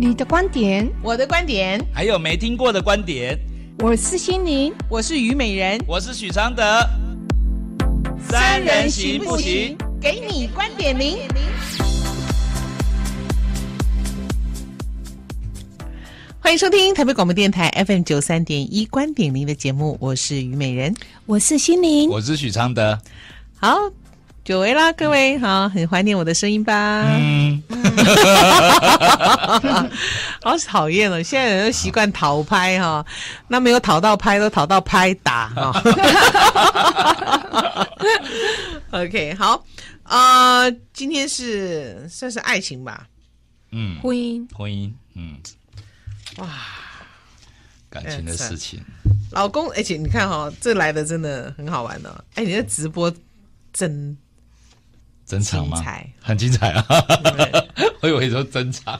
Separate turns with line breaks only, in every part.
你的觀點，我的觀
點，還有沒聽過的觀點。我是心靈，我是虞美人，我是許常德，三人行不行？
給你觀點零。觀點零。歡迎收聽台北廣播電台 FM 九三點一觀點零的節目，我是虞美人，我是
心靈，我是許常德。
好，久違啦，各位，好，很懷念我的聲音吧？嗯。 好討厭哦，現在人都習慣討拍哈、哦，那沒有討到拍都討到拍打哈、哦。 OK，好，啊、呃。今天是算是愛情吧，嗯，
婚姻，婚姻，嗯，
哇，
感情的事情，
老公，而且你看哈、哦，這來的真的很好玩呢、哦，哎，你的直播真。
真唱嗎？很精彩啊！我以為你說真唱，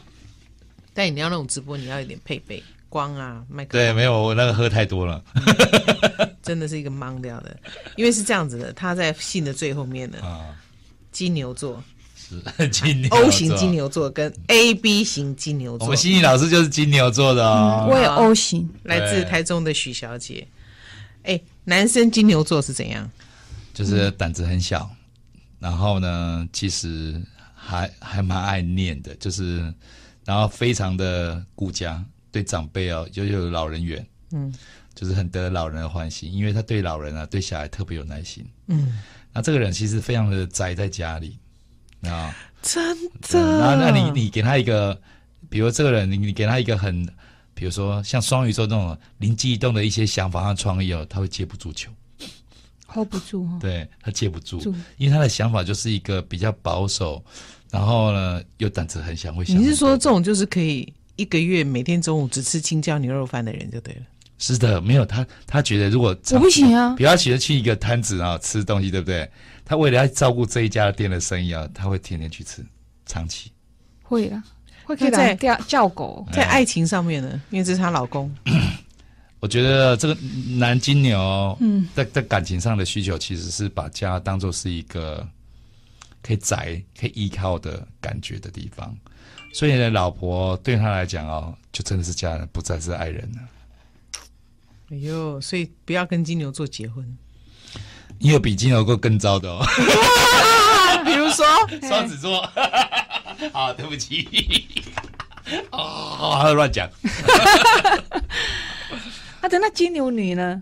但你要那種直播，你要有點配備光啊、麥克。對，
沒有，我那個喝太多了，
真的是一個懵掉的。因為是這樣子的，他在信的最後面呢金牛座
是金牛 O 型金
牛座跟 AB 型金牛座。我們心理
老師就是金牛座的哦，我有 O 型，
來自台中的許小姐。哎，男生金牛座是怎樣？
就是膽子很小。然後呢，其實還還蠻愛念的，就是，然後非常的顧家，對長輩哦，就有老人緣，嗯，就是很得老人的歡心，因為他對老人啊，對小孩特別有耐心，嗯，那這個人其實非常的宅在家裡，啊、哦，
真的，嗯、那那你你
給他一個，比如這個人，你你給他一個很，比如說像雙魚座那種靈機一動的一些想法和創意哦，他會接不住球。
hold 不、哦、不住，
對，他接不住，因為他的想法就是一個比較保守，然後呢又膽子很小。會想你
是說這種就是可以一個月每天中午只吃青椒牛肉飯的人就對了？
是的，沒有他，他覺得如果我不行啊，比如他、哦、覺得去一個攤子啊吃東西，對不對？他為了要照顧這一家店的生意啊，他會天天去吃，長期
會啊，會可以在叫叫狗，在愛情上面呢，因為這是她老公。
我覺得這個男金牛在、在在感情上的需求，其實是把家當做是一個可以宅、可以依靠的感覺的地方。所以，你的老婆對他來講哦，就真的是家人，不再是愛人了。
哎呦，所以不要跟金牛座結婚。
你有比金牛座更糟的哦？啊、比如說雙子座。啊、哎，對不起，啊、哦，還亂講。
啊，等到金牛女呢？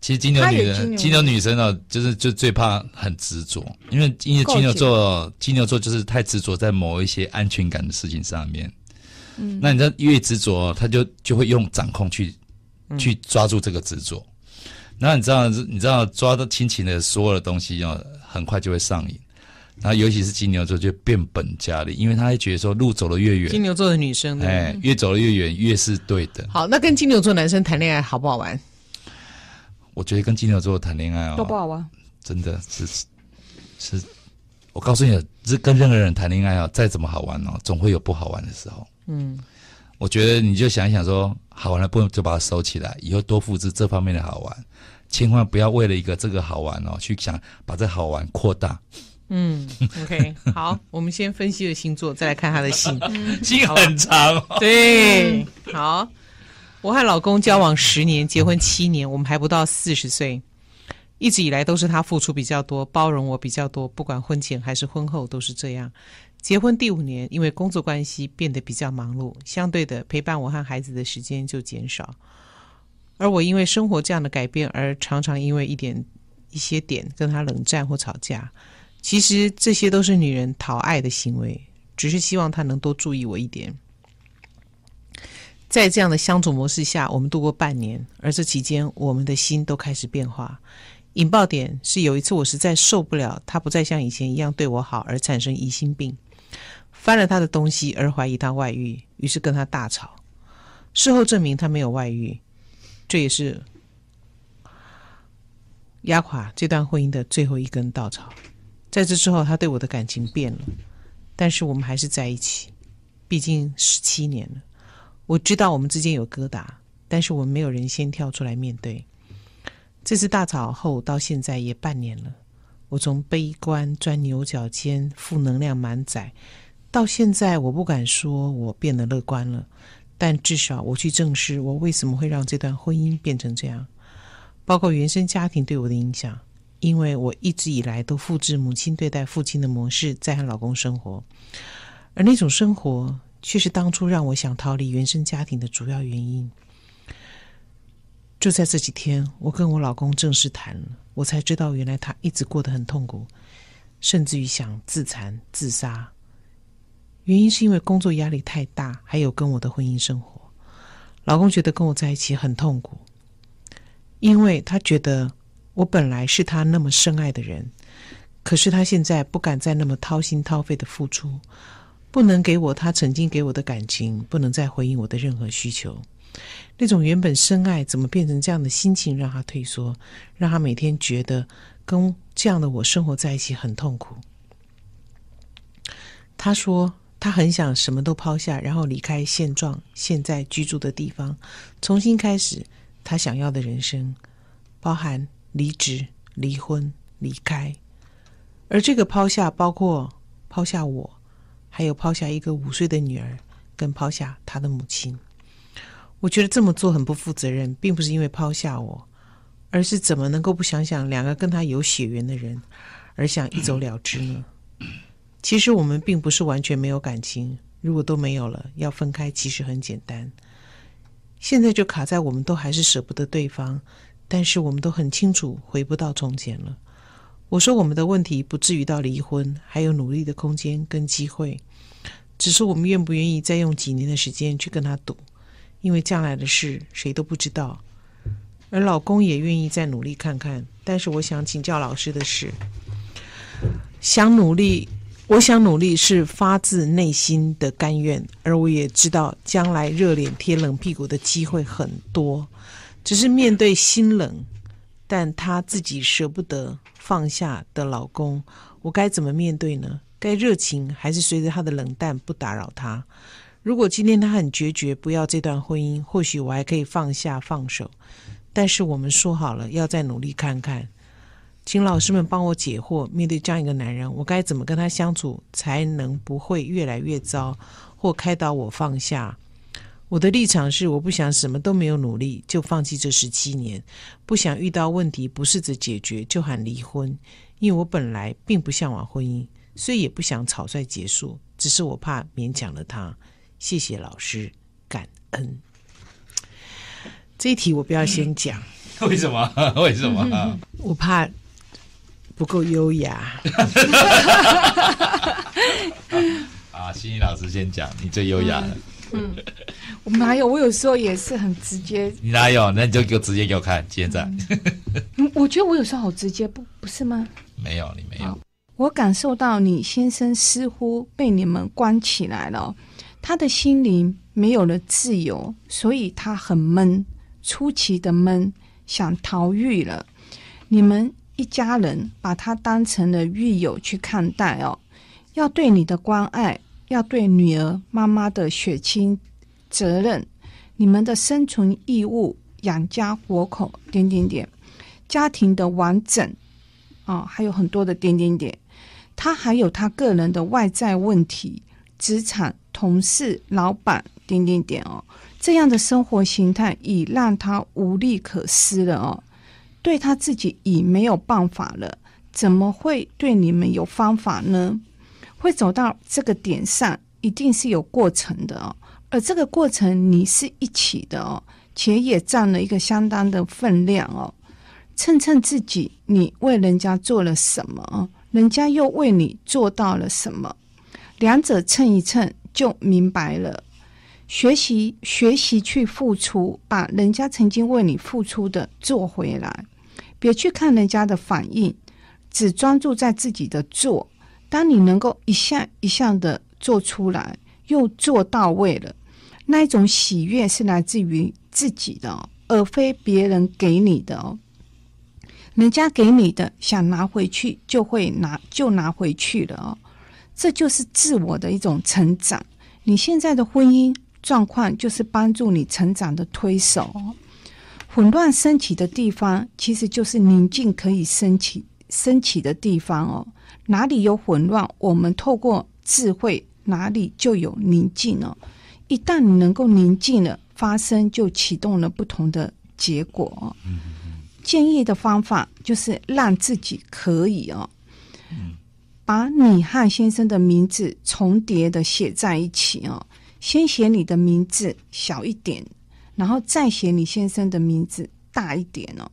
其實金牛女，金牛女生啊，就是就最怕很執着，因為因為金牛座，金牛座就是太執着在某一些安全感的事情上面。嗯，那你知道越執着，他就就會用掌控去去抓住這個執着。嗯，那你知道，你知道抓到親情的所有的東西要，啊，很快就會上癮。然後，尤其是金牛座就變本加厲，因為他還覺得說路走得越遠，金
牛座的女生哎，
對越走得越遠越是對的。
好，那跟金牛座男生談戀愛好不好玩？
我覺得跟金牛座談戀愛、哦、都不好玩，真的是是，是。我告訴你，是跟任何人談戀愛哦，再怎麼好玩哦，總會有不好玩的時候。嗯，我覺得你就想一想說好玩的部分就把它收起來，以後多複製這方面的好玩，千萬不要為了一個這個好玩哦，去想把這好玩擴大。
嗯，OK，好，我們先分析了星座，再來看他的心。 心很長、哦，對，嗯、好。我和老公交往十年，結婚七年，我們還不到四十歲，一直以來都是他付出比較多，包容我比較多，不管婚前還是婚後都是這樣。結婚第五年，因為工作關係變得比較忙碌，相對的陪伴我和孩子的時間就減少，而我因為生活這樣的改變，而常常因為一點、一些點跟他冷戰或吵架。其實這些都是女人討愛的行為，只是希望她能多注意我一點。在這樣的相處模式下，我們度過半年，而這期間，我們的心都開始變化。引爆點是有一次，我實在受不了他不再像以前一樣對我好，而產生疑心病，翻了他的東西，而懷疑他外遇，於是跟他大吵。事後證明他沒有外遇，這也是壓垮這段婚姻的最後一根稻草。在這之後，他對我的感情變了，但是我們還是在一起，畢竟十七年了。我知道我們之間有疙瘩，但是我們沒有人先跳出來面對。這次大吵後到現在也半年了，我從悲觀、鑽牛角尖、負能量滿載，到現在我不敢說我變得樂觀了，但至少我去正視我為什麼會讓這段婚姻變成這樣，包括原生家庭對我的影響。因為我一直以來都複製母親對待父親的模式，在和老公生活，而那種生活卻是當初讓我想逃離原生家庭的主要原因。就在這幾天，我跟我老公正式談了，我才知道原來他一直過得很痛苦，甚至於想自殘、自殺。原因是因為工作壓力太大，還有跟我的婚姻生活，老公覺得跟我在一起很痛苦，因為他覺得。我本來是他那麼深愛的人，可是他現在不敢再那麼掏心掏肺的付出，不能給我他曾經給我的感情，不能再回應我的任何需求。那種原本深愛，怎麼變成這樣的心情，讓他退縮，讓他每天覺得跟這樣的我生活在一起很痛苦。他說，他很想什麼都拋下，然後離開現狀，現在居住的地方，重新開始他想要的人生，包含。離職、離婚、離開，而這個拋下包括拋下我，還有拋下一個五歲的女兒，跟拋下他的母親。我覺得這麼做很不負責任，並不是因為拋下我，而是怎麼能夠不想想兩個跟他有血緣的人，而想一走了之呢？其實我們並不是完全沒有感情，如果都沒有了，要分開其實很簡單。現在就卡在我們都還是捨不得對方。但是我們都很清楚，回不到從前了。我說我們的問題不至於到離婚，還有努力的空間跟機會，只是我們願不願意再用幾年的時間去跟他賭，因為將來的事誰都不知道。而老公也願意再努力看看，但是我想請教老師的是，想努力，我想努力是發自內心的甘願，而我也知道將來熱臉貼冷屁股的機會很多。只是面對心冷，但他自己捨不得放下的老公，我該怎麼面對呢？該熱情還是隨着他的冷淡不打擾他？如果今天他很決絕，不要這段婚姻，或許我還可以放下放手。但是我們說好了要再努力看看，請老師們幫我解惑。面對這樣一個男人，我該怎麼跟他相處，才能不會越來越糟？或開導我放下？我的立場是，我不想什麼都沒有努力就放棄這十七年，不想遇到問題不試着解決就喊離婚，因為我本來並不嚮往婚姻，所以也不想草率結束，只是我怕勉強了他。謝謝老師，感恩。這一題我不要先講，嗯、
為什麼？為什麼？
我怕不夠優雅。
啊，欣怡老師先講，你最優雅了。嗯嗯
我哪有？我有時候也是很直接。
你哪有？那你就就直接給我看。現在 、
嗯，我覺得我有時候好直接，不不是嗎？
沒有，你沒有。
我感受到你先生似乎被你們關起來了、哦，他的心靈沒有了自由，所以他很悶，出奇的悶，想逃獄了。你們一家人把他當成了獄友去看待哦，要對你的關愛，要對女兒媽媽的血親。責任，你們的生存義務、養家活口，點點點，家庭的完整，啊、哦，還有很多的點點點。他還有他個人的外在問題，職場、同事、老板，點點點哦。這樣的生活形態已讓他無力可施了哦，對他自己已沒有辦法了，怎麼會對你們有方法呢？會走到這個點上，一定是有過程的哦。而這個過程你是一起的哦，且也占了一個相當的分量哦，稱稱自己，你為人家做了什麼，人家又為你做到了什麼，兩者稱一稱就明白了。學習學習去付出，把人家曾經為你付出的做回來，別去看人家的反應，只專注在自己的做。當你能夠一項一項的做出來，又做到位了。那一種喜悅是來自於自己的哦，而非別人給你的哦。人家給你的，想拿回去就會拿，就拿回去了哦。這就是自我的一種成長。你現在的婚姻狀況就是幫助你成長的推手哦。混亂升起的地方，其實就是寧靜可以升起，升起的地方哦。哪裡有混亂，我們透過智慧，哪裡就有寧靜哦。一旦你能夠寧靜了，發生就啟動了不同的結果哦。建議的方法就是讓自己可以哦，把你和先生的名字重疊的寫在一起哦。先寫你的名字小一點，然後再寫你先生的名字大一點哦。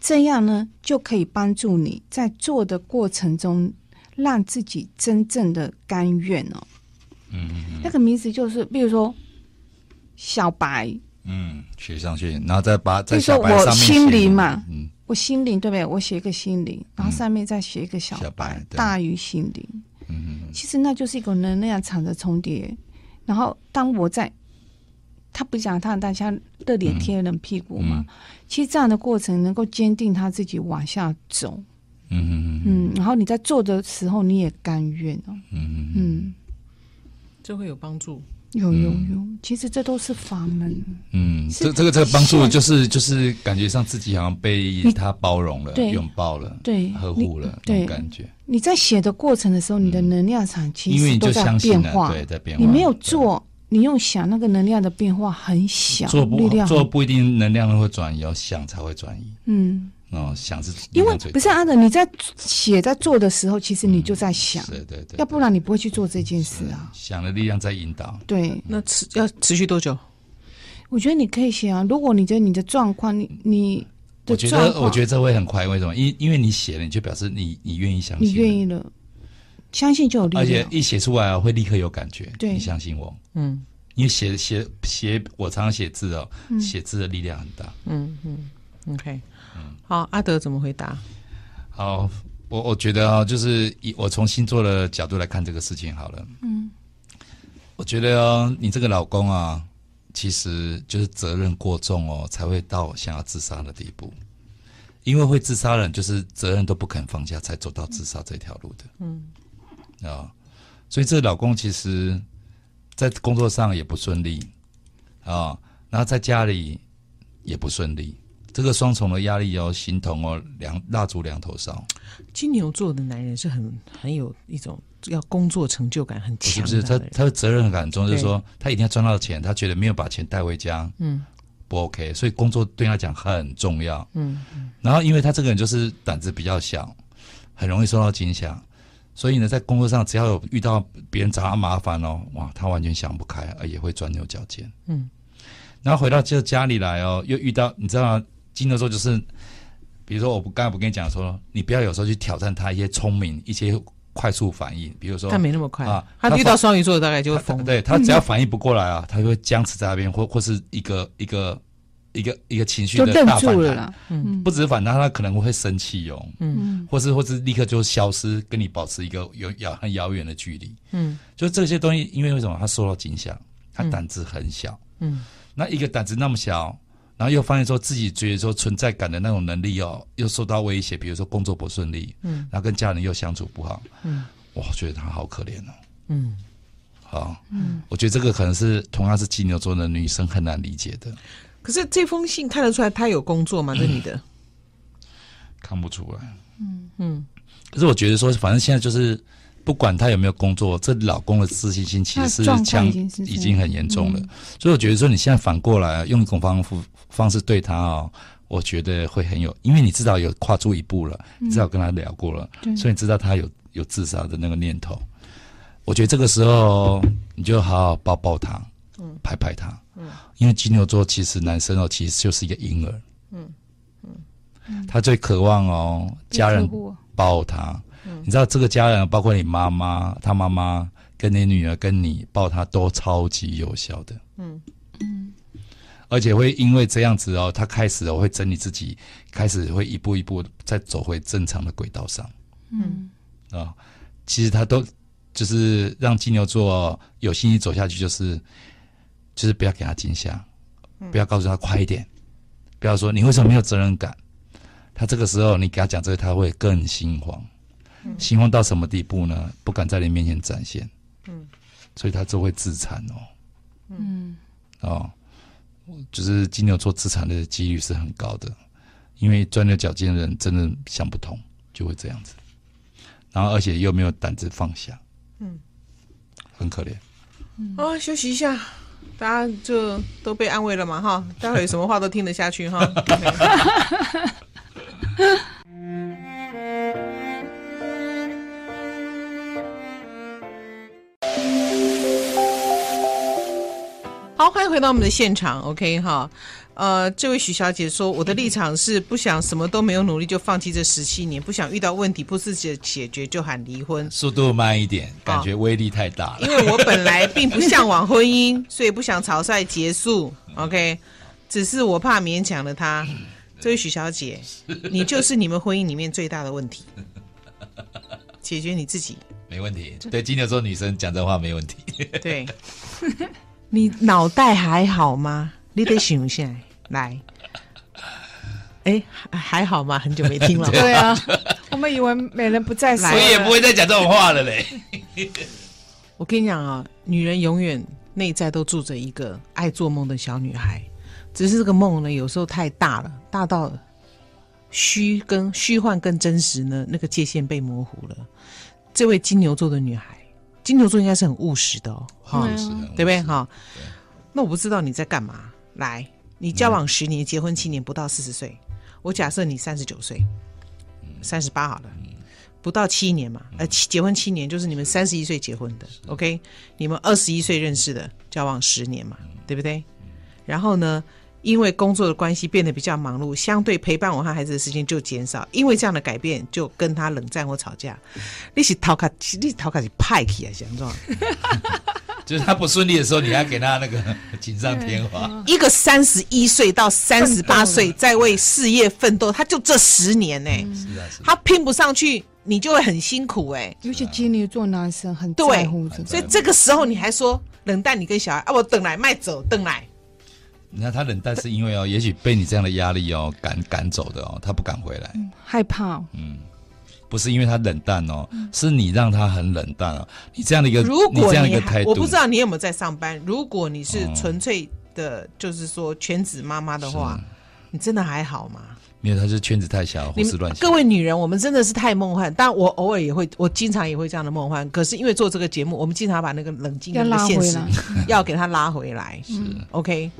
這樣呢就可以幫助你在做的過程中，讓自己真正的甘願哦。嗯，嗯，嗯，那個名字就是，比如說小白，嗯，
寫上去，然後再把比如說我心靈嘛，嗯，
我心靈對不對？我寫一個心靈，然後上面再寫一個小白，嗯、小白大於心靈。嗯，嗯，嗯，其實那就是一個能量場的重疊。然後當我在他不講，他讓大家熱臉貼冷屁股嘛，嗯嗯，其實這樣的過程能夠堅定他自己往下走。嗯嗯嗯，嗯，嗯。然後你在做的時候，你也甘願哦。嗯，嗯嗯嗯。嗯都會有幫助，有有有，其實這都是法門。嗯，
這這個這個幫助就是就是感覺上自己好像被他包容了，擁抱了，對，呵護了，對，這種感覺。
你在寫的過程的時候，你的能量場其實都在變化，因為你就相信了，對，在變化。你沒有做，你用想，那個能量的變化很小，做不做
不一定能量會轉移，要想才會轉移。嗯。哦、嗯，想是因為不是阿
德，你在寫在做的時候，其實你就在想，嗯、對對對，要不然你不會去做這件事
啊。嗯、想，想的力量在引導。
對，嗯、那持要持續多久？我覺得你可以寫啊。如果你覺得你的狀況，你你，我覺得我覺
得這會很快。為什麼？因因為你寫了，你就表示你你願意相信，你
願意了，相信就有力量。而且
一寫出來、啊、會立刻有感覺。對，你相信我，嗯，因為寫寫寫，我常常寫字哦、喔，寫、嗯、字的力量很大。嗯嗯
，OK。好，阿德怎麼回答？
好，我我覺得啊，就是以我從星座的角度來看這個事情好了。嗯，我覺得哦，啊，你這個老公啊，其實就是責任過重哦，才會到想要自殺的地步。因為會自殺的人，就是責任都不肯放下，才走到自殺這條路的。嗯，啊，所以這個老公其實在工作上也不順利啊，然後在家裡也不順利。這個雙重的壓力哦，形同哦，兩蠟，蠟燭兩頭燒。
金牛座的男人是很很有一種要工作成就感很強的，很是不是？
他他的責任感中對就是說，他一定要賺到錢，他覺得沒有把錢帶回家，嗯，不 OK，所以工作對他講很重要，嗯。嗯然後因為他這個人就是膽子比較小，很容易受到驚嚇，所以呢，在工作上只要有遇到別人找他麻煩哦，哇，他完全想不開，而也會鑽牛角尖，嗯。然後回到就家裡來哦，又遇到你知道嗎？金的時候就是，比如說，我不剛才不跟你講說，你不要有時候去挑戰他一些聰明、一些快速反應。比如說，他沒那麼快啊，啊他遇到雙魚座
大概就會瘋。對他只要
反應不過來啊，他就會僵持在那邊，或或是一個一個一個一個情緒的大反彈。嗯，不只是反彈，他他可能會生氣喲、哦。嗯，或是或是立刻就消失，跟你保持一個有遙很遙遠的距離。嗯，就這些東西，因為為什麼他受到驚嚇，他膽子很小。嗯，嗯那一個膽子那麼小，然後又發現說，自己覺得說存在感的那種能力哦，又受到威脅，比如說工作不順利，嗯，然後跟家人又相處不好，嗯，我覺得他好可憐、啊嗯、哦，嗯，好，嗯，我覺得這個可能是同樣是金牛座的女生很難理解的。
可是這封信看得出來，她有工作嗎？嗯、這女的
看不出來，嗯嗯。嗯可是我覺得說，反正現在就是。不管他有沒有工作，這老公的自信心其實是強，已經很嚴重了。嗯、所以我覺得說，你現在反過來用一種方方式對他哦，我覺得會很有，因為你知道有跨出一步了，嗯、你知道跟他聊過了，對所以你知道他有有自殺的那個念頭。我覺得這個時候，你就好好抱抱他，嗯、拍拍他，嗯、因為金牛座其實男生哦，其實就是一個嬰兒，嗯嗯、他最渴望哦家人抱他。嗯嗯嗯。你知道這個家人，包括你媽媽、他媽媽，跟你女兒跟你抱他，都超級有效的。嗯嗯，而且會因為這樣子哦，他開始會整理自己，開始會一步一步再走回正常的軌道上。嗯啊，其實他都就是讓金牛座有信心走下去，就是就是不要給他驚嚇，不要告訴他快一點，不要說你為什麼沒有責任感。他這個時候你給他講這個，他會更心慌。心慌到什麼地步呢？不敢在你面前展現，嗯，所以他就會自殘哦，嗯，哦，就是金牛座自殘的幾率是很高的，因為鑽牛角尖的人真的想不通，就會這樣子，然後而且又沒有膽子放下，嗯，很可憐，啊、嗯
哦，休息一下，大家就都被安慰了嘛，哈，待會有什麼話都聽得下去哈。好，歡迎回到我們的現場，OK 哈，呃，這位許小姐說，我的立場是不想什麼都沒有努力就放棄這十七年，不想遇到問題不自己解決就喊離婚，
速度慢一點，好感覺威力太大了，因為我本來並不向
往婚姻， 所以不想草率結束 ，OK，只是我怕勉強了她。」 這位許小姐，你就是你們婚姻裡面最大的問
題， 解決你自己，沒問題，對金牛座女生講真話沒問題，對。
你腦袋還好嗎？你得醒一下，來，哎， 還好嗎？很久沒聽了。 對啊，
我們以為美人不再，
啊。所以也不會再講這種話
了嘞。
我跟你講啊，女人永遠內在都住着一個愛做夢的小女孩，只是這個夢呢，有時候太大了，大到虛跟虛幻跟真實呢，那個界限被模糊了。這位金牛座的女孩。金牛座應該是很務實的哦，哈、啊，對不對哈對、哦？那我不知道你在幹嘛。來，你交往十年，嗯、結婚七年，不到四十歲。我假設你三十九歲，三十八好了，嗯、不到七年嘛。呃，結婚七年就是你們三十一歲結婚的是，OK？你們二十一歲認識的，交往十年嘛，對不對？然後呢？因為工作的關係變得比較忙碌，相對陪伴我和孩子的時間就減少。因為這樣的改變，就跟他冷戰或吵架。嗯、你是頭殼，你是頭殼是壞掉了，是怎樣？
就是他不順利的時候，你還給他那個錦上添花。嗯、
一個三十一歲到三十八歲在為事業奮鬥，他就這十年呢、欸。嗯、他拼不上去，你就會很辛苦哎、
欸。尤其金牛座男生很在乎、這個、對，所以這個
時候你還說冷淡你跟小孩啊，我等來賣走，等來。
那他冷淡是因為哦，也許被你這樣的壓力哦趕趕走的哦，他不敢回來，嗯、
害怕、哦。嗯，
不是因為他冷淡哦，嗯、是你讓他很冷淡、哦。你這樣的一個，如果你這樣一個態度，我不知道你
有沒有在上班。如果你是純粹的，嗯、就是說全職媽媽的話，是你真的還好嗎？
沒有，他是圈子太小，胡思亂想。各
位女人，我們真的是太夢幻。但我偶爾也會，我經常也會這樣的夢幻。可是因為做這個節目，我們經常把那個冷靜要給他拉回來。是、嗯、o、okay? k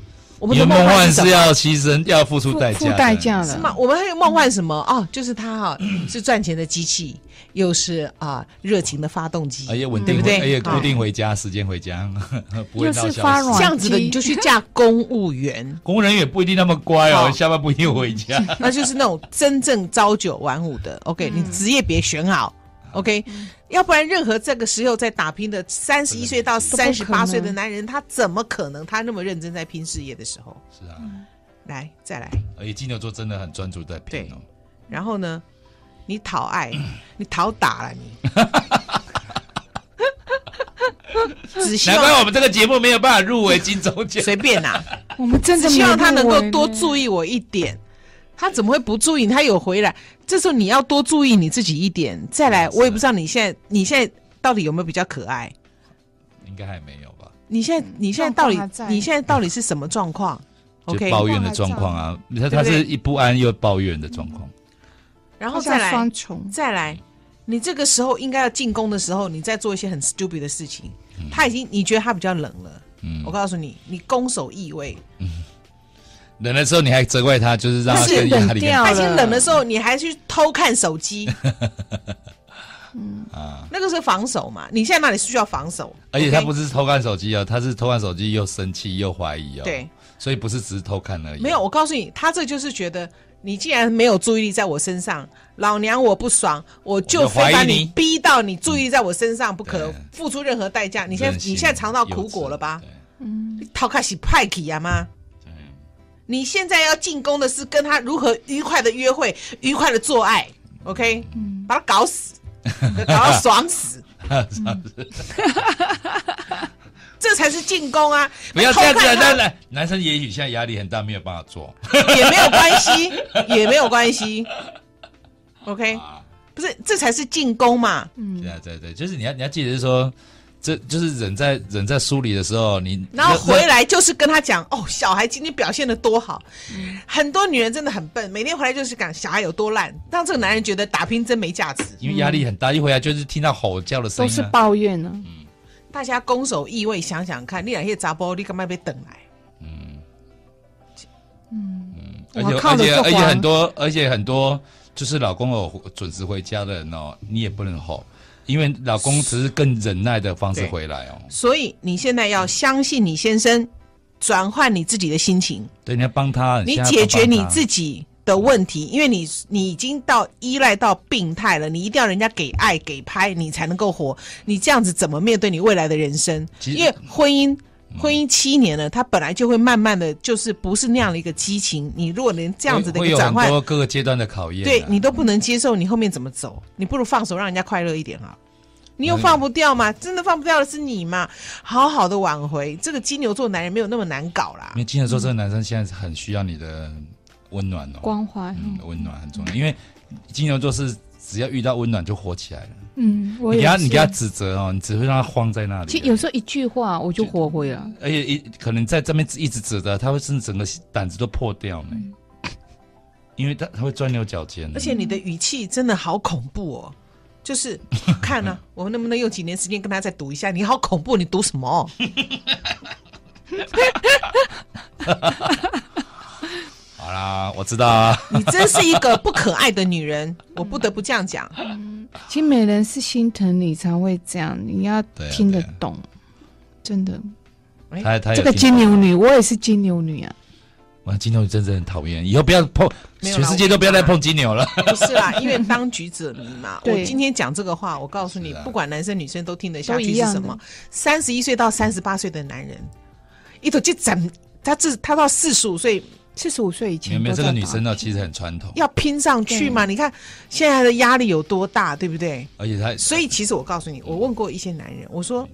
我們的夢幻是要犧牲，要付出代價，代價了是嗎？我們還有夢幻什麼？哦，就是他哈，是賺錢的機器，又是啊熱情的發動機，哎呀穩定，哎呀固定
回家時間回家，又是發這
樣子的你就去嫁公務員，
公務員也不一定那麼乖哦，下班不一定回家，那就
是那種真正朝九晚五的。OK，你職業別選好。OK，要不然任何這個時候在打拼的三十一歲到三十八歲的男人，他怎麼可能他那麼認真在拼事業的時候？是啊，來，再來。
而且金牛座真的很專注在拼。
然後呢，你討愛，你討打了你。
難怪我們這個節目沒有辦法入圍金鐘獎。隨便啦，
我們真的希望他能夠多注意我一點。他怎麼會不注意？他有回來。這時候你要多注意你自己一點，再來，我也不知道你現在你現在到底有沒有比較可愛，
應該還沒有吧？
你現在你現在到底、嗯、在你現在到底是什麼狀況？嗯、就抱怨的狀
況啊！他、嗯、是一不安又抱怨的狀況，嗯、然後再來，雙
重再來，你這個時候應該要進攻的時候，你在做一些很 stupid 的事情，嗯、他已經你覺得他比較冷了，嗯，我告訴你，你攻守易位。嗯
冷的時候你還責怪他，就是讓他受壓力。他已經冷的
時候，你還去偷看手機。嗯啊，那個是防守嘛？你現在哪裡是需要防守？
而且他不是偷看手機啊，他是偷看手機又生氣又懷疑啊。對，所以不是只是偷看而已。沒
有，我告訴你，他這就是覺得你既然沒有注意力在我身上，老娘我不爽，我就非把你逼到你注意力在我身上不可，付出任何代價。你現你現在嚐到苦果了吧？嗯，你偷看是派給呀嗎？你現在要進攻的是跟他如何愉快的約會，愉快的做愛，OK，把他搞死，搞到爽死，爽
死，
這才是進攻啊！不要這樣子，男男
男生也許現在壓力很大，沒有辦法做，
也沒有關係，也沒有關係，OK，不是這才是進攻嘛？嗯，
對對對，就是你要你要記得說。這就是忍在忍在書裡的時候，你然後回來
就是跟他講哦，小孩今天表現的多好。嗯、很多女人真的很笨，每天回來就是講小孩有多爛，讓這個男人覺得打拼真沒價值。嗯、因為壓力很
大，一回來就是聽到吼叫的聲音，啊，都是
抱怨呢，啊。嗯、大家攻守易位，嗯、意味想想看，嗯、你那兩天砸玻璃幹嘛被等來？嗯，嗯
嗯而且而且，而且很多而且很多就是老公有準時回家的人哦，你也不能吼。因為老公只是更忍耐的方式回來哦，
所以你現在要相信你先生，轉換你自己的心情，
人家幫他，你，幫他你解決你自
己的問題，嗯、因為你你已經到依賴到病態了，你一定要人家給愛給拍，你才能夠活，你這樣子怎麼面對你未來的人生？其實，因為婚姻。婚姻七年了，他本來就會慢慢的就是不是那樣的一個激情。你如果連這樣子的一個轉換，
各個階段的考驗，啊。對你
都不能接受，你後面怎麼走？你不如放手，讓人家快樂一點啊！
你又放
不掉嗎？對真的放不掉的是你嘛？好好的挽回這個金牛座男人沒有那麼難搞啦。
因為金牛座這個男生現在是很需要你的溫暖哦，
關懷環、嗯，溫暖很重要。因
為金牛座是只要遇到溫暖就火起來了。
嗯，我你給他，你給他指
責哦，你只會讓他慌在那裡。其
實有時候一句話我就活回了，
而且一可能在這邊一直指責，他會甚至整個膽子都破掉呢。嗯、因為他他會鑽牛角尖。而且你的
語氣真的好恐怖哦，就是 看了、啊，我們能不能用幾年時間跟他再賭一下？你好恐怖，你賭什麼？
啊，我知道啊！你真是一個不可
愛的女人， 我不得不這樣講。金、嗯、美人是心疼你才會這樣，你要聽得懂，對啊對啊，真的。這個金牛女，哦、我也是金牛女啊。
啊，金牛女真的很討厭，以後不要碰，全世界都不要再碰金牛了。 不是啦，因
為當局者
迷嘛。 對我今
天講這個話，我告訴你，啊、不管男生女生都聽得下去。去。是什麼？三十一歲到三十八歲的男人，一頭就整他自他到四十五歲。四十五歲以前、啊，有沒有這個女生呢？
其實很傳統，
要拼上去嘛。對你看現在的壓力有多大，對不對？而且他，所以其實我告訴你，我問過一些男人，嗯、我說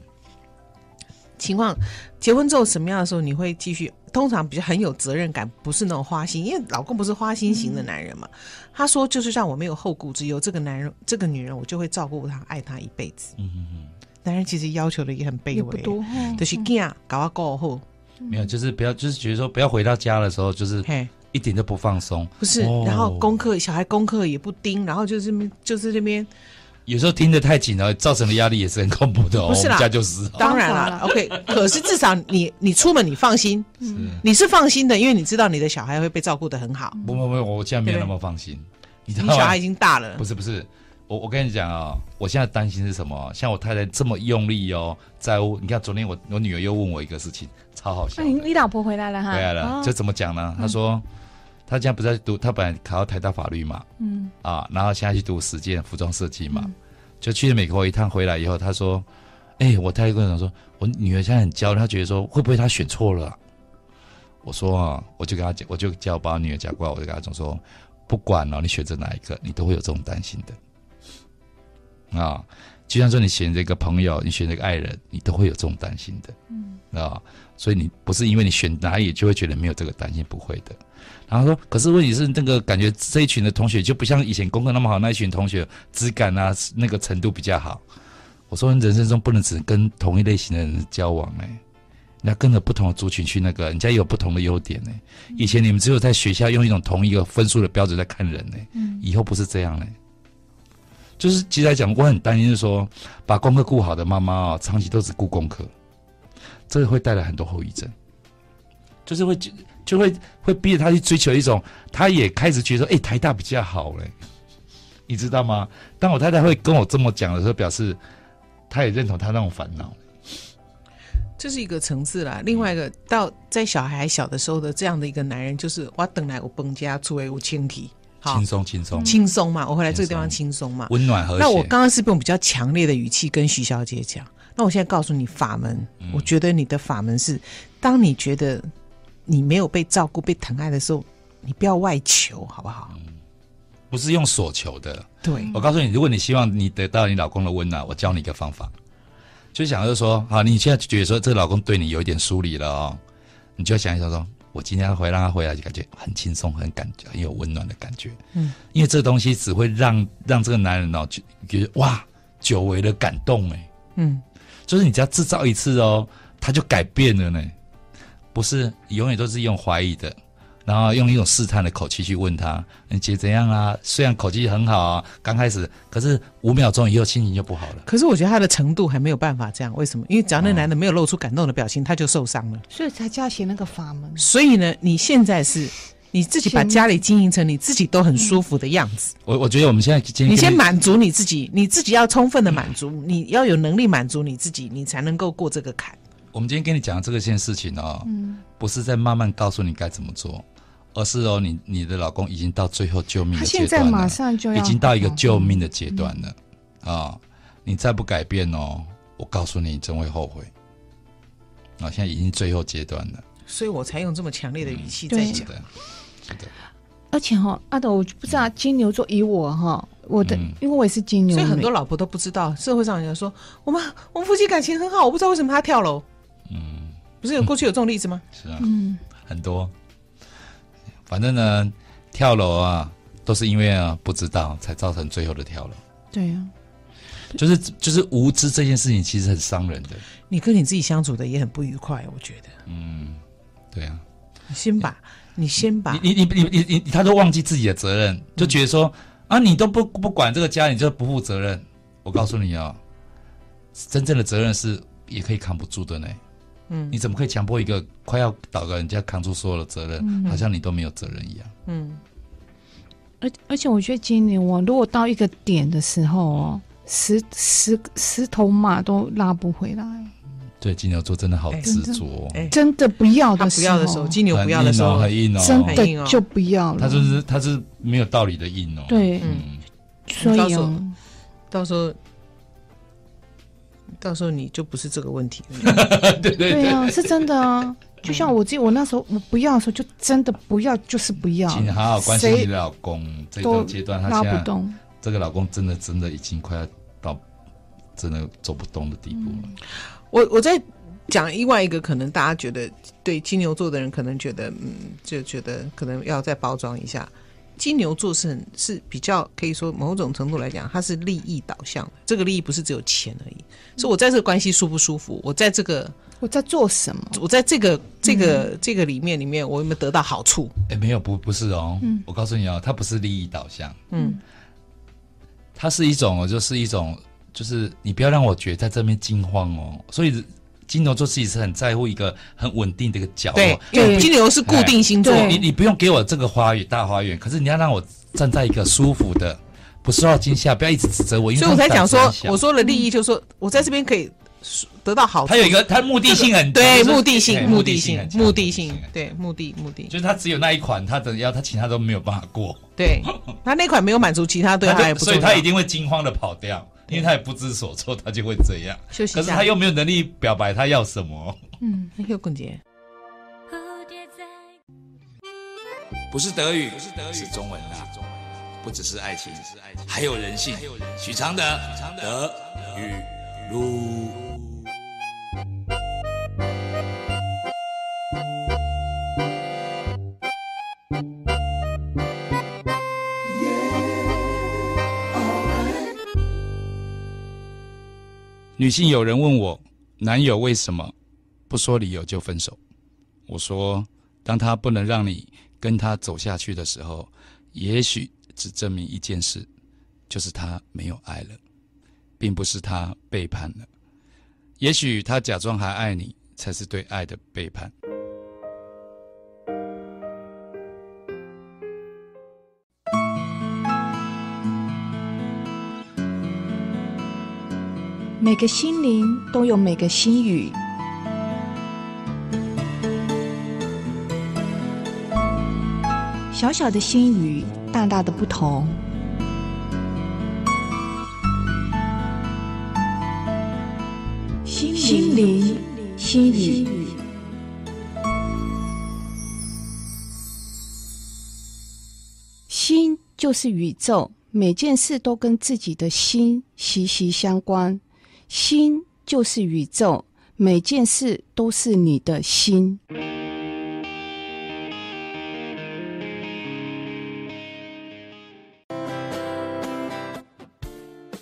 情況結婚之後什麼樣的時候你會繼續？通常比較很有責任感，不是那種花心，因為老公不是花心型的男人嘛。嗯、他說就是讓我沒有後顧之憂，這個男人，這個女人，我就會照顧她，愛她一輩子。嗯嗯嗯。男人其實要求的也很卑微，也不多，嗯、就是把我照顧好。
沒有，就是不要，就是覺得說不要回到家的時候，就是一點都不放鬆。不是，然後功
課、哦、小孩功課也不盯，然後就是就是那邊，
有時候盯得太緊了，造成的壓力也是很恐怖的、哦。 不是啦，家就是好當然啦 OK，可是
至少你你出門你放心，是你是放心的，因為你知道你的小孩會被照顧得很好。是嗯、不不不，
我現在沒有那麼放心，對不對？你知道嗎？你小孩已經大了。不是不是。我我跟你講啊、哦，我現在擔心是什麼？像我太太這麼用力哦，在你看昨天我我女兒又問我一個事情，超好笑。那你、
啊、你老婆回來了哈？回來了，哦、就怎
麼講呢？她說、嗯、她現在不在讀，她本來考到台大法律嘛，嗯啊，然後現在去讀實踐服裝設計嘛，嗯、就去了美國一趟回來以後，她說，哎、欸，我太太跟我講說，我女兒現在很焦慮，嗯、她覺得說會不會她選錯了、啊？我說啊，我就跟她講，我就叫我把我女兒講過來，我就跟她講說，不管了、哦，你選擇哪一個，你都會有這種擔心的。啊、哦，就像說你選一個朋友，你選一個愛人，你都會有這種擔心的，嗯，啊、哦，所以你不是因為你選哪裡就會覺得沒有這個擔心，不會的。然後說，可是問題是那個感覺這一群的同學就不像以前功課那麼好那一群同學質感啊，那個程度比較好。我說，人生中不能只跟同一類型的人交往嘞，、欸，那跟着不同的族群去那個，人家也有不同的優點呢、欸。嗯、以前你們只有在學校用一種同一個分數的標準在看人呢、欸，嗯、以後不是這樣呢、欸。就是其實來講，我很擔心，是說把功課顧好的媽媽啊、哦，長期都只顧功課，這會帶來很多後遺症，就是會就就會會逼着她去追求一種，她也開始覺得說，哎、欸，台大比較好嘞，你知道嗎？當我太太會跟我這麼講的時候，表示她也認同她那種煩惱。
這是一個層次啦，另外一個到在小孩小的時候的這樣的一個男人，就是我等來我崩家作為我前提。
輕鬆，輕鬆好，輕
鬆嘛！我會來這個地方輕鬆嘛？溫暖和諧。那我剛剛是用比較強烈的語氣跟徐小姐講。那我現在告訴你法門，嗯、我覺得你的法門是：當你覺得你沒有被照顧、被疼愛的時候，你不要外求，好不好？嗯、
不是用所求的。對，我告訴你，如果你希望你得到你老公的溫暖，我教你一個方法，就想就說，好，你現在覺得說這個老公對你有一點疏離了哦，你就要想一想說。我今天回來讓他回來，就感覺很輕鬆，很感覺很有溫暖的感覺。嗯，因為這東西只會讓讓這個男人哦，就覺得哇，久違的感動哎。嗯，就是你只要制造一次哦，他就改變了呢。不是，永遠都是用懷疑的。然後用一種試探的口氣去問他：“你姐怎樣啊？”雖然口氣很好啊，剛開始，可是五秒鐘以後心情就不好了。
可是我覺得他的程度還沒有辦法這樣，為什麼？因為只要那男的沒有露出感動的表情，他就受傷了。
所以才叫學那個法門。
所以呢，你現在是，你自己把家裡經營成你自己都很舒服的樣子。嗯、
我我覺得我們現在今天你，你先滿
足你自己，你自己要充分的滿足，嗯、你要有能力滿足你自己，你才能夠過這個
坎。我們今天跟你講的這個件事情啊、哦，嗯、不是在慢慢告訴你該怎麼做。而是哦，你你的老公已經到最後救命他現在馬
上就已經
到一個救命的階段了啊、嗯哦！你再不改變哦，我告訴你，你真會後悔啊、哦！現在已經最後階段了，所以我才用這麼強烈的語氣在講。嗯、對，
而且哈、哦，阿斗，我就不知道金牛座以我哈、哦，嗯、我的因為我也是金牛，所以很多老婆都不知道，社會上有人說我們我們夫妻感情很好，我不知道為什麼他跳
樓。嗯，不是有過去有這種例子嗎？是
啊，嗯，很多。反正呢，跳樓啊，都是因為啊不知道，才造成最後的跳樓。
對呀、啊，
就是就是無知這件事情，其實很傷人的。
你跟你自己相處的也很不愉快，我覺得。
嗯，對啊。
你先把你，你先把
你你你你你他都忘記自己的責任，就覺得說、嗯、啊，你都不不管這個家，你就不負責任。我告訴你哦，真正的責任是也可以扛不住的呢。嗯，你怎麼可以強迫一個快要倒的人家扛住所有的責任，嗯嗯好像你都沒有責任一樣？嗯，
而且而且我覺得金牛、哦，我如果到一個點的時候哦，十十十頭馬都拉不回來。
對，金牛座真的好執着，欸、
真的不要的時候，金牛不要的時候很硬哦，硬哦，真的就不要了。哦、他就是
他是沒有道理的硬哦。對，嗯，嗯所以
說
到時候。嗯到時候你就不是這個問題了， 對呀對
對對，對啊，是真
的啊！ 就像我記得，我那時候我不要的時候，就真的不要，就是不要。請好好關心你的
老公，這個階段不動他現在這個老公真的真的已經快要到真的走不動的地步了。嗯、
我我在講另外一個，可能大家覺得對金牛座的人，可能覺得嗯，就覺得可能要再包裝一下。金牛座是很是比較可以說某種程度來講，它是利益導向。這個利益不是只有錢而已。所以我在這個關係舒不舒服？我在這個我在做什麼？我在這個這個、嗯、這個裡面裡面，我有沒有得到好處？
哎、欸，沒有，不不是哦。嗯、我告訴你哦，它不是利益導向。嗯，它是一種，就是一種，就是你不要讓我覺得在這邊驚慌哦。所以。金牛座自己是很在乎一個很穩定的一個角落。對，金牛是固定星座。你你不用給我這個花園大花園，可是你要讓我站在一個舒服的，不受到驚嚇，不要一直指責我。所以我才講說，我
說的利益，就是說我在這邊可以得到好處。他有一個，他目的性很對，目的性，目的性，目的性。對，目
的目的。就是他只有那一款，他的要他其他都沒有辦法過。
對，他那款沒有滿足其他對他也不。所以，他一定
會驚慌的跑掉。因為他也不知所措，他就會這樣。可是他又沒有能力表白他要什麼。嗯，
還有公杰，
不是德語，是中文的，不只是愛情，還有人性。許常德，德語路。女性有人問我，男友為什麼不說理由就分手？我說，當他不能讓你跟他走下去的時候，也許只證明一件事，就是他沒有愛了，並不是他背叛了。也許他假裝還愛你，才是對愛的背叛。
每個心靈都有每個心語，小小的心語，大大的不同。心靈，心靈，心語。心就是宇宙，每件事都跟自己的心息息相關。心就是宇宙，每件事都是你的心。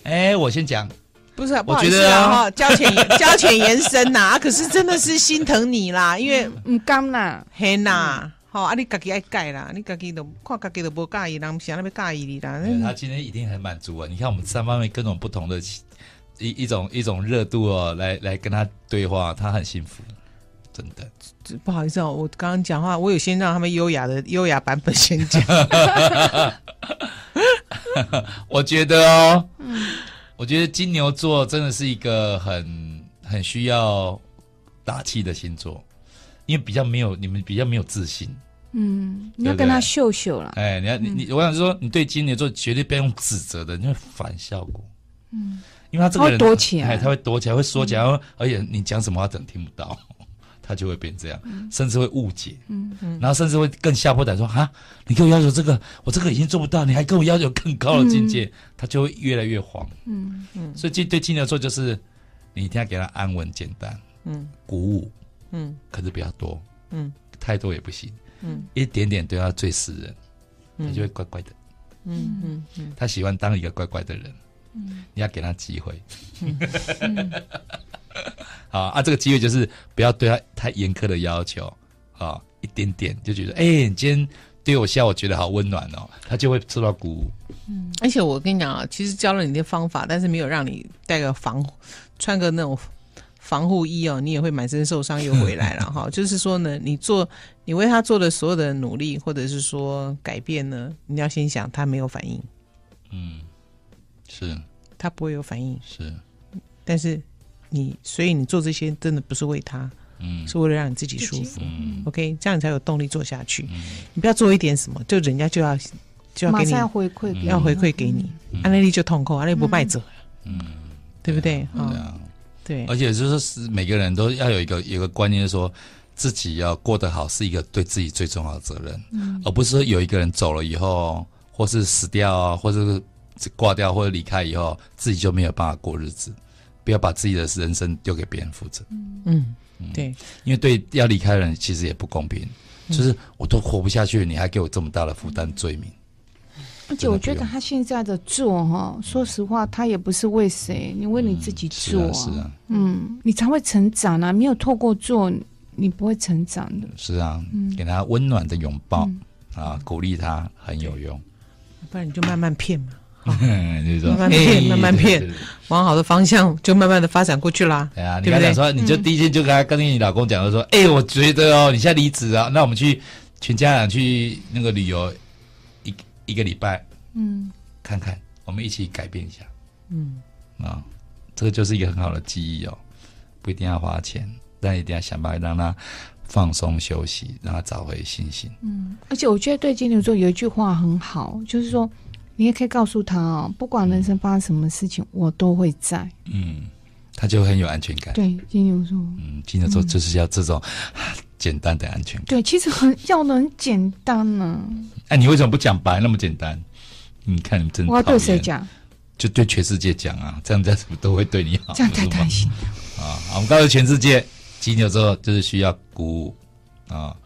哎，我先講，不是、啊，不好意思啊、我覺得哈、啊哦，交淺交淺言
深吶、啊 啊，可是真的是心疼你啦，因為唔甘啦，嫌 啦，好、 哦、啊，你自己愛改啦，你自己都看自己都不介意，人唔想那邊介意你啦。嗯嗯、他
今天一定很滿足啊！你看我們三方面各種不同的。一一種一種熱度哦，來來跟他對話，他很幸福，真
的。不好意思哦，我剛剛講話，我有先讓他們優雅的優雅版本先講。
我覺得哦，嗯、我覺得金牛座真的是一個很很需要打氣的星座，因為比較沒有你們比較沒有自信。嗯，
對對你要跟他秀秀啦。
哎，你要、嗯、你你，我想說，你對金牛座絕對不要用指責的，因為反效果。嗯。因為他這個人，哎，他會躲起來，會縮起來，而且你講什麼話，怎麼聽不到，他就會變這樣，甚至會誤解，嗯嗯，然後甚至會更嚇破膽，說啊，你給我要求這個，我這個已經做不到，你還跟我要求更高的境界，他就會越來越慌。嗯嗯，所以對金牛座就是，你一定要給他安穩、簡單，嗯，鼓舞，嗯，可是不要多，嗯，太多也不行，嗯，一點點都要最適人，他就會乖乖的，嗯嗯嗯，他喜歡當一個乖乖的人。嗯、你要給他機會，嗯嗯、 好啊啊！這個機會就是不要對他太嚴苛的要求好，一點點就覺得，哎、欸，你今天對我笑，我覺得好溫暖哦，他就會受到鼓舞。
嗯，而且我跟你講啊，其實教了你的方法，但是沒有讓你帶個防、穿個那種防護衣哦，你也會滿身受傷又回來了哈。 就是說呢，你做你為他做的所有的努力，或者是說改變呢，你要先想他沒有反應，嗯。是，他不會有反應。是，但是你，所以你做這些真的不是為他，嗯，是為了讓你自己舒服。OK，這樣你才有動力做下去。你不要做一點什麼，就人家就要就要給你馬上要回饋給你，安利就痛苦，安樂不敗者。嗯，對不對？對。
而且就是說，是每個人都要有一個有個觀念，就是說自己要過得好是一個對自己最重要的責任，嗯，而不是說有一個人走了以後，或是死掉，或者是。掛掉或者離開以後，自己就沒有辦法過日子。不要把自己的人生丟給別人負責。嗯，嗯對，因為對要離開的人其實也不公平。嗯、就是我都活不下去，你還給我這麼大的負擔罪名。
嗯、而且我覺得他現在的做哈，說實話，他也不是為誰，你為你自己做、啊嗯。是啊。是啊，嗯，你才會成長啊。沒有透過做，你不會成長的。
是啊。給他溫暖的擁抱、嗯、啊，鼓勵他很有用。
不然你就慢慢騙嘛。
啊，就是說慢慢騙，慢慢騙，
往好的方向就慢慢的發展過去啦。對啊，你剛才說，你就第
一天就跟他跟你老公講，就說：“哎，我覺得哦，你現在離職啊，那我們去全家人去那個旅遊一一個禮拜，
嗯，
看看我們一起改變一下，嗯，啊，這個就是一個很好的記憶哦，不一定要花錢，但一定要想辦法讓他放鬆休息，讓他找回信心。嗯，
而且我覺得對金牛座有一句話很好，就是說。你也可以告訴他哦，不管人生發生什麼事情，嗯、我都會在。嗯，
他就很有安全感。對，
金牛座，
嗯，金牛座就是要這種、嗯、簡單的安全感。
對，其實很要的很簡單呢、啊。
哎，你為什麼不講白那麼簡單？你看你真的，我要對誰講？就對全世界講啊！這樣子都會對你好，這樣太貪心了啊嗎！ 好，我們告訴全世界，金牛座就是需要鼓舞啊、哦，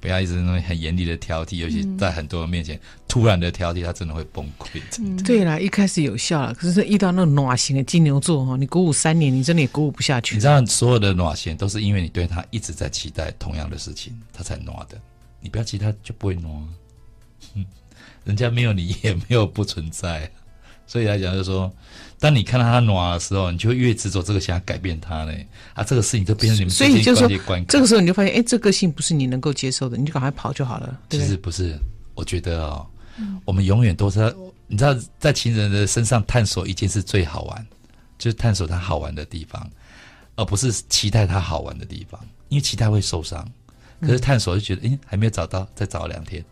不要一直那麼很嚴厲的挑剔，尤其在很多人面前。嗯突然的挑剔，他真的會崩潰、
嗯。對啦，一開始有效啦，可是遇到那種暖型的金牛座哈，你鼓舞三年，你真的也鼓舞不下去。你知
道，所有的暖型都是因為你對他一直在期待同樣的事情，他才暖的。你不要急，他就不會暖。 人家沒有你，也沒有不存在。所以來講，就是說，當你看到他暖的時候，你就越執着這個，想要改變他呢。啊，這個事情就變成你們觀所以你就關。這個
時候你就發現，誒、欸、這個性不是你能夠接受的，你就趕快跑就好了。對，其實
不是，我覺得哦。嗯、我們永遠都是，你知道，在情人的身上探索一件事最好玩，就是探索他好玩的地方，而不是期待他好玩的地方，因為期待會受傷。可是探索就覺得，哎、嗯欸，還沒有找到，再找兩天。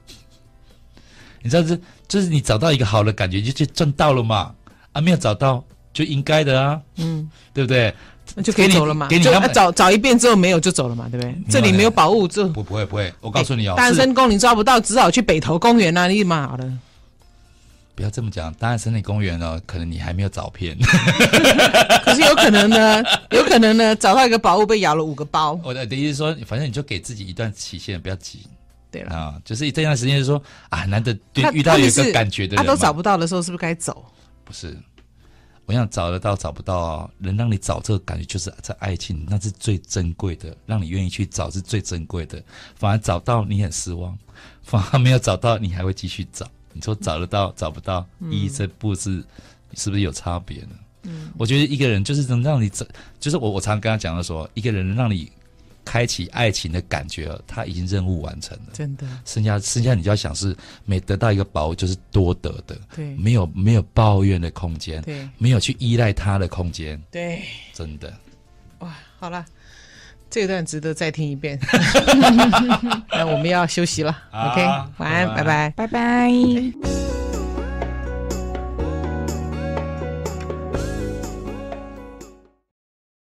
你知道，這、就是、就是你找到一個好的感覺就就賺到了嘛？啊，沒有找到就應該的啊，嗯， 對不對？
那就可以走了嘛，給給就、啊、找找一遍之後
沒有就走了嘛，對不對？有這裡沒有寶物就不不會不會，我告訴你、哦欸，單身
公你抓不到，是只好去北投公園那裡嘛。好了。
不要這麼講，當然森林公園哦，可能你還沒有找遍，
可是有可能呢，有可能呢，找到一個寶物被咬了五個包。
我的意思說，反正你就給自己一段期限，不要急。對了啊，就是這段時間，就是說啊，難得遇遇到一個感覺的，他、啊啊、都找
不到的時候，是不是該走？
不是。我想找得到，找不到、哦，啊，能讓你找這個感覺，就是在愛情，那是最珍貴的，讓你願意去找是最珍貴的。反而找到你很失望，反而沒有找到你還會繼續找。你說找得到，找不到，嗯、一這步是是不是有差別呢？嗯，我覺得一個人就是能讓你這，就是我我常常跟他講的說，一個人能讓你。開啟愛情的感覺，他已經任務完成了，真的。剩下，剩下你就要想，是每得到一個寶物，就是多得的，對，沒有，沒有抱怨的空間，對，沒有去依賴他的空間，對，真的。
哇，好了，這段值得再聽一遍。那我們要休息了好，OK，晚安，拜拜，
拜拜。拜拜。